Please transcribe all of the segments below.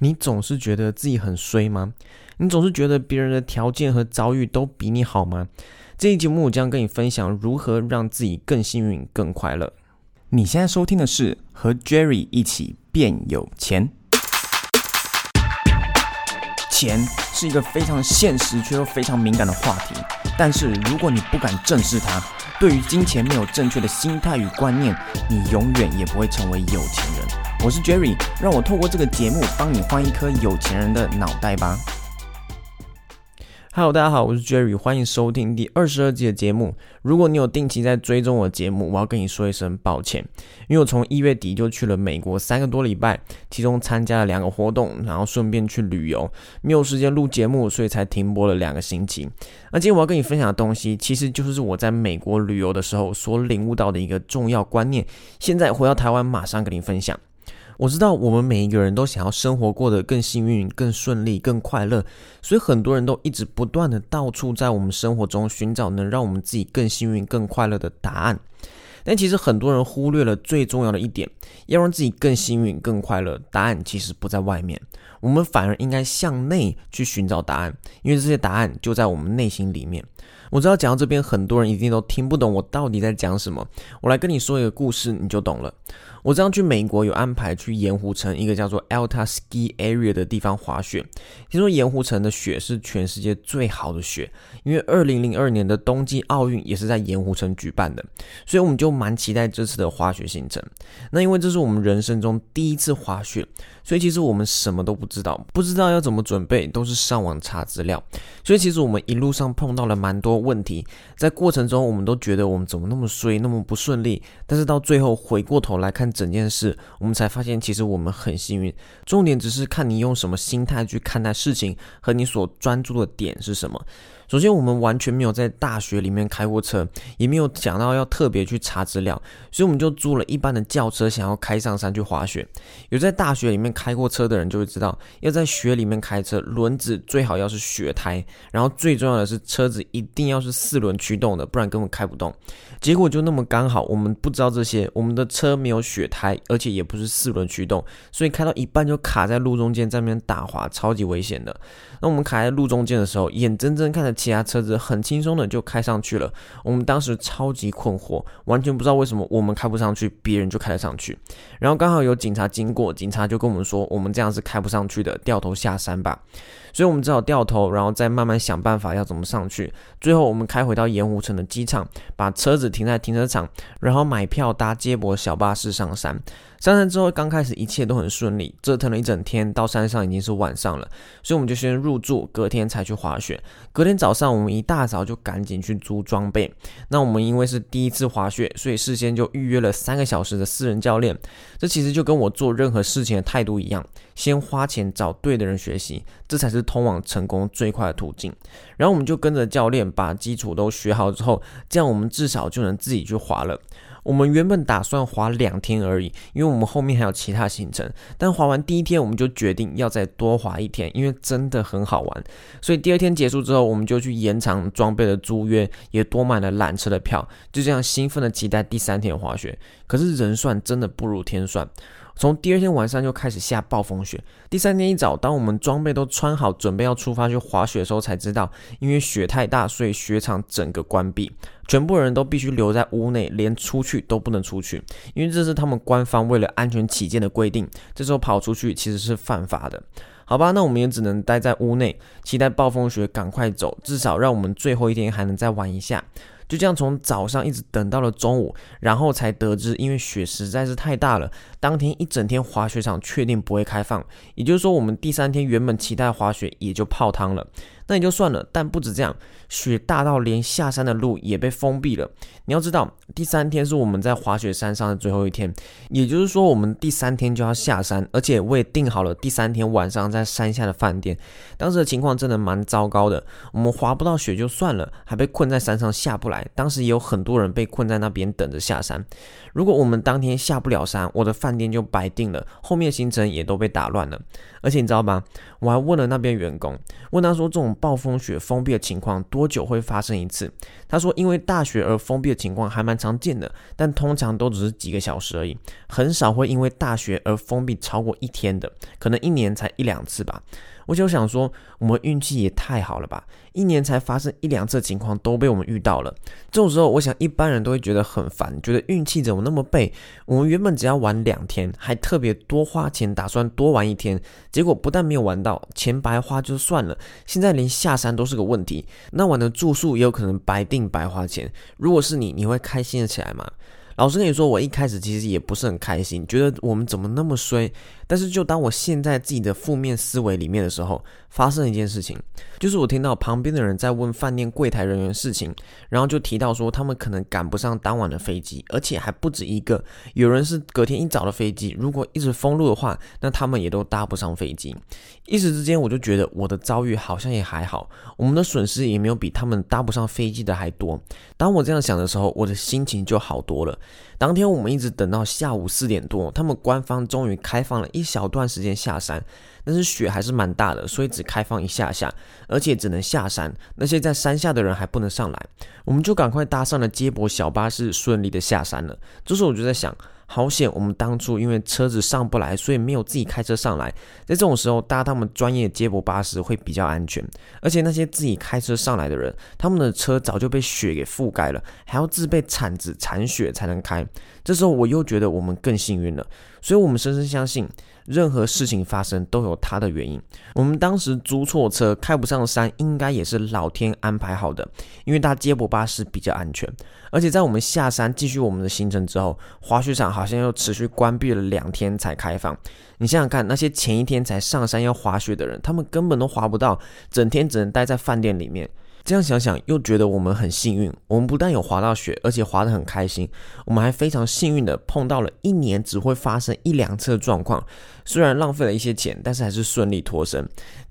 你總是覺得自己很衰嗎？你總是覺得別人的條件和遭遇都比你好嗎？這一節目我將跟你分享如何讓自己更幸運、更快樂。你現在收聽的是和 Jerry 一起變有錢。錢是一個非常現實卻又非常敏感的話題，但是如果你不敢正視它，對於金錢沒有正確的心態與觀念，你永遠也不會成為有錢人。我是 Jerry，讓我透過這個節目幫你換一顆有錢人的腦袋吧。Hello，大家好，我是 Jerry，歡迎收聽第二十二集的節目。如果你有定期在追蹤我的節目，我要跟你說一聲抱歉，因為我從一月底就去了美國三個多禮拜，其中參加了兩個活動，然後順便去旅遊，沒有時間錄節目，所以才停播了兩個星期。那今天我要跟你分享的東西，其實就是我在美國旅遊的時候所領悟到的一個重要觀念，現在回到台灣馬上跟你分享。我知道我們每一個人都想要生活過得更幸運、更順利、更快樂，所以很多人都一直不斷地到處在我們生活中尋找能讓我們自己更幸運、更快樂的答案。但其實很多人忽略了最重要的一點，要讓自己更幸運、更快樂，答案其實不在外面，我們反而應該向內去尋找答案，因為這些答案就在我們內心裡面。我知道講到這邊，很多人一定都聽不懂我到底在講什麼。我來跟你說一個故事，你就懂了。我這樣去美國，有安排去鹽湖城一個叫做 Alta Ski Area 的地方滑雪。聽說鹽湖城的雪是全世界最好的雪，因為2002年的冬季奧運也是在鹽湖城舉辦的，所以我們就蠻期待這次的滑雪行程。那因為這是我們人生中第一次滑雪，所以其實我們什麼都不知道，不知道要怎麼準備，都是上網查資料。所以其實我們一路上碰到了蠻多問題。在過程中，我們都覺得我們怎麼那麼衰、那麼不順利。但是到最後回過頭來看整件事，我們才發現其實我們很幸運。重點只是看你用什麼心態去看待事情，和你所專注的點是什麼。首先，我們完全沒有在大雪裡面開過車，也沒有想到要特別去查資料，所以我們就租了一般的轎車，想要開上山去滑雪。有在大雪裡面開過車的人就會知道，要在雪裡面開車，輪子最好要是雪胎，然後最重要的是車子一定要是四輪驅動的，不然根本開不動。結果就那麼剛好，我們不知道這些，我們的車沒有雪胎，而且也不是四輪驅動，所以開到一半就卡在路中間，在那邊打滑，超級危險的。那我們卡在路中間的時候，眼睜睜看着。其他車子很輕鬆的就開上去了，我們當時超級困惑，完全不知道為什麼我們開不上去，別人就開得上去。然後剛好有警察經過，警察就跟我們說，我們這樣是開不上去的，掉頭下山吧。所以，我們只好掉頭，然後再慢慢想辦法要怎麼上去。最後，我們開回到鹽湖城的機場，把車子停在停車場，然後買票搭接駁小巴士上山。上山之後，剛開始一切都很順利，折騰了一整天，到山上已經是晚上了。所以，我們就先入住，隔天才去滑雪。隔天早上，我們一大早就趕緊去租裝備。那我們因為是第一次滑雪，所以事先就預約了三個小時的私人教練。這其實就跟我做任何事情的態度一樣，先花錢找對的人學習，這才是。通往成功最快的途徑，然後我們就跟着教練把基礎都學好之後，這樣我們至少就能自己去滑了。我們原本打算滑兩天而已，因為我們後面還有其他行程。但滑完第一天，我們就決定要再多滑一天，因為真的很好玩。所以第二天結束之後，我們就去延長裝備的租約，也多買了纜車的票，就這樣興奮的期待第三天滑雪。可是人算真的不如天算。從第二天晚上就開始下暴風雪。第三天一早，當我們裝備都穿好，準備要出發去滑雪的時候，才知道，因為雪太大，所以雪場整個關閉，全部人都必須留在屋內，連出去都不能出去，因為這是他們官方為了安全起見的規定。這時候跑出去其實是犯法的，好吧？那我們也只能待在屋內，期待暴風雪趕快走，至少讓我們最後一天還能再玩一下。就這樣從早上一直等到了中午，然後才得知，因為雪實在是太大了，當天一整天滑雪場確定不會開放。也就是說，我們第三天原本期待滑雪也就泡湯了。那也就算了，但不止這樣，雪大到連下山的路也被封閉了。你要知道，第三天是我們在滑雪山上的最後一天，也就是說，我們第三天就要下山，而且我也訂好了第三天晚上在山下的飯店。當時的情況真的蠻糟糕的，我們滑不到雪就算了，還被困在山上下不來。當時也有很多人被困在那邊等着下山。如果我們當天下不了山，我的飯店就白訂了，後面行程也都被打亂了。而且你知道嗎？我還問了那邊員工，問他說這種暴風雪封閉的情況多久會發生一次？他說，因為大雪而封閉的情況還蠻常見的，但通常都只是幾個小時而已，很少會因為大雪而封閉超過一天的，可能一年才一兩次吧。我就想說，我們運氣也太好了吧！一年才發生一兩次的情況，都被我們遇到了。這種時候，我想一般人都會覺得很煩，覺得運氣怎麼那麼背。我們原本只要玩兩天，還特別多花錢，打算多玩一天，結果不但沒有玩到，錢白花就算了，現在連下山都是個問題。那晚的住宿也有可能白訂白花錢。如果是你，你會開心得起來嗎？老實跟你說，我一開始其實也不是很開心，覺得我們怎麼那麼衰。但是，就當我陷在自己的負面思維裡面的時候，發生一件事情，就是我聽到旁邊的人在問飯店櫃台人員事情，然後就提到說他們可能趕不上當晚的飛機，而且還不止一個，有人是隔天一早的飛機。如果一直封路的話，那他們也都搭不上飛機。一時之間，我就覺得我的遭遇好像也還好，我們的損失也沒有比他們搭不上飛機的還多。當我這樣想的時候，我的心情就好多了。當天我們一直等到下午四點多，他們官方終於開放了一小段時間下山，但是雪還是蠻大的，所以只開放一下下，而且只能下山，那些在山下的人還不能上來，我們就趕快搭上了接駁小巴士，順利的下山了。這時候我就在想。好險！我們當初因為車子上不來，所以沒有自己開車上來。在這種時候搭他們專業接駁巴士會比較安全。而且那些自己開車上來的人，他們的車早就被雪給覆蓋了，還要自備鏟子鏟雪才能開。這時候我又覺得我們更幸運了。所以我們深深相信。任何事情發生都有它的原因。我們當時租錯車，開不上山，應該也是老天安排好的，因為搭接駁巴士比較安全。而且在我們下山繼續我們的行程之後，滑雪場好像又持續關閉了兩天才開放。你想想看，那些前一天才上山要滑雪的人，他們根本都滑不到，整天只能待在飯店裡面。這樣想想，又覺得我們很幸運。我們不但有滑到雪，而且滑得很開心。我們還非常幸運地碰到了一年只會發生一兩次的狀況，雖然浪費了一些錢，但是還是順利脫身。講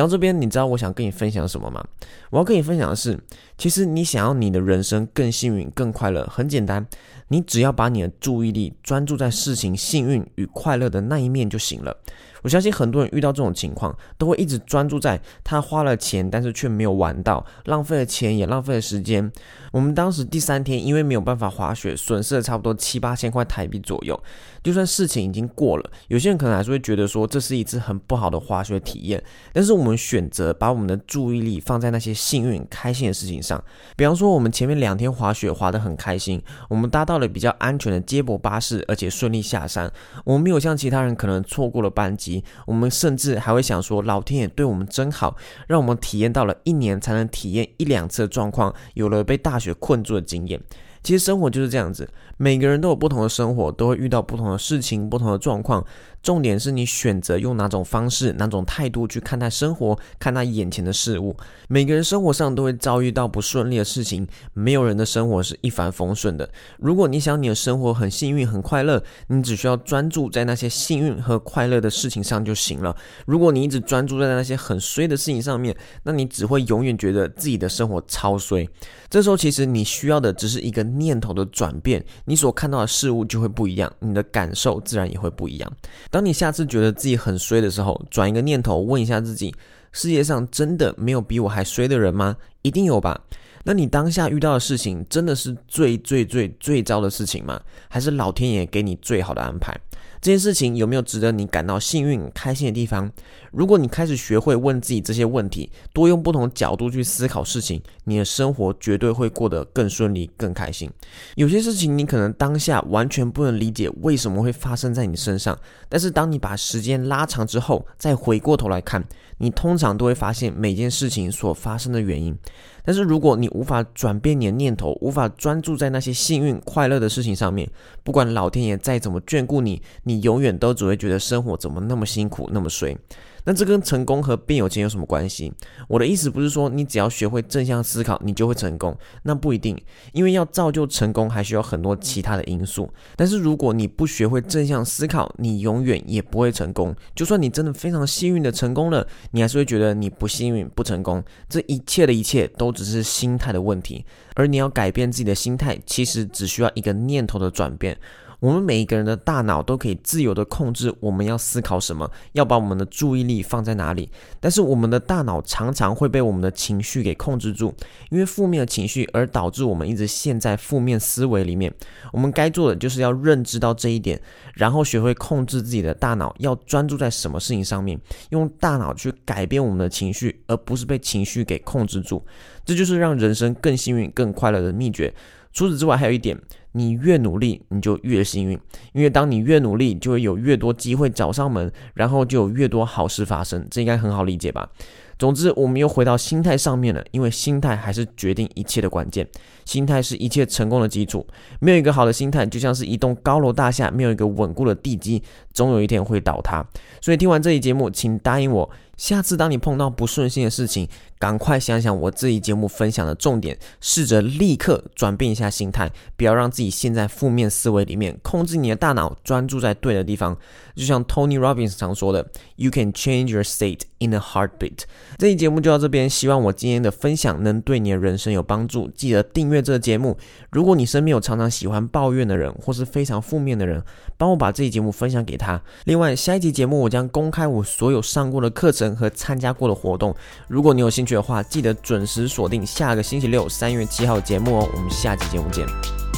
到這邊，你知道我想跟你分享什麼嗎？我要跟你分享的是，其實你想要你的人生更幸運、更快樂，很簡單，你只要把你的注意力專注在事情幸運與快樂的那一面就行了。我相信很多人遇到這種情況，都會一直專注在他花了錢，但是卻沒有玩到，浪費了錢也浪費了時間。我們當時第三天因為沒有辦法滑雪，損失了差不多七八千塊台幣左右。就算事情已經過了，有些人可能還是會覺得說，這是一次很不好的滑雪體驗。但是我們選擇把我們的注意力放在那些幸運、開心的事情上，比方說，我們前面兩天滑雪滑得很開心，我們搭到了比較安全的接駁巴士，而且順利下山，我們沒有像其他人可能錯過了班機。我們甚至還會想說，老天爺對我們真好，讓我們體驗到了一年才能體驗一兩次的狀況，有了被大雪困住的經驗。其實生活就是這樣子，每個人都有不同的生活，都會遇到不同的事情、不同的狀況。重點是你選擇用哪種方式、哪種態度去看待生活、看待眼前的事物。每個人生活上都會遭遇到不順利的事情，沒有人的生活是一帆風順的。如果你想你的生活很幸運、很快樂，你只需要專注在那些幸運和快樂的事情上就行了。如果你一直專注在那些很衰的事情上面，那你只會永遠覺得自己的生活超衰。這時候，其實你需要的只是一個念頭的轉變，你所看到的事物就會不一樣，你的感受自然也會不一樣。當你下次覺得自己很衰的時候，轉一個念頭，問一下自己：世界上真的沒有比我還衰的人嗎？一定有吧。那你當下遇到的事情，真的是最最最最糟的事情嗎？還是老天爺給你最好的安排？這件事情有沒有值得你感到幸運、開心的地方？如果你開始學會問自己這些問題，多用不同角度去思考事情，你的生活絕對會過得更順利、更開心。有些事情你可能當下完全不能理解為什麼會發生在你身上，但是當你把時間拉長之後，再回過頭來看，你通常都會發現每件事情所發生的原因。但是如果你無法轉變你的念頭，無法專注在那些幸運、快樂的事情上面，不管老天爺再怎麼眷顧你，你永遠都只會覺得生活怎麼那麼辛苦，那麼衰。那這跟成功和變有錢有什麼關係？我的意思不是說你只要學會正向思考，你就會成功。那不一定，因為要造就成功，還需要很多其他的因素。但是如果你不學會正向思考，你永遠也不會成功。就算你真的非常幸運的成功了，你還是會覺得你不幸運、不成功。這一切的一切都只是心態的問題。而你要改變自己的心態，其實只需要一個念頭的轉變。我們每一個人的大腦都可以自由地控制我們要思考什麼，要把我們的注意力放在哪裡。但是我們的大腦常常會被我們的情緒給控制住，因為負面的情緒而導致我們一直陷在負面思維裡面。我們該做的就是要認知到這一點，然後學會控制自己的大腦，要專注在什麼事情上面，用大腦去改變我們的情緒，而不是被情緒給控制住。這就是讓人生更幸運、更快樂的秘訣。除此之外，還有一點。你越努力，你就越幸運，因為當你越努力，就會有越多機會找上門，然後就有越多好事發生。這應該很好理解吧？總之，我們又回到心態上面了，因為心態還是決定一切的關鍵。心態是一切成功的基礎，沒有一個好的心態，就像是一棟高樓大廈沒有一個穩固的地基，總有一天會倒塌。所以，聽完這集節目，請答應我，下次當你碰到不順心的事情，趕快想想我這集節目分享的重點，試着立刻轉變一下心態，不要讓自己。現在負面思維裡面，控制你的大腦，專注在對的地方。就像 Tony Robbins 常說的，You can change your state in a heartbeat。這期節目就到這邊，希望我今天的分享能對你的人生有幫助。記得訂閱這個節目。如果你身邊有常常喜歡抱怨的人，或是非常負面的人，幫我把這期節目分享給他。另外，下一期節目我將公開我所有上過的課程和參加過的活動。如果你有興趣的話，記得準時鎖定下個星期六三月七號節目哦。我們下期節目見。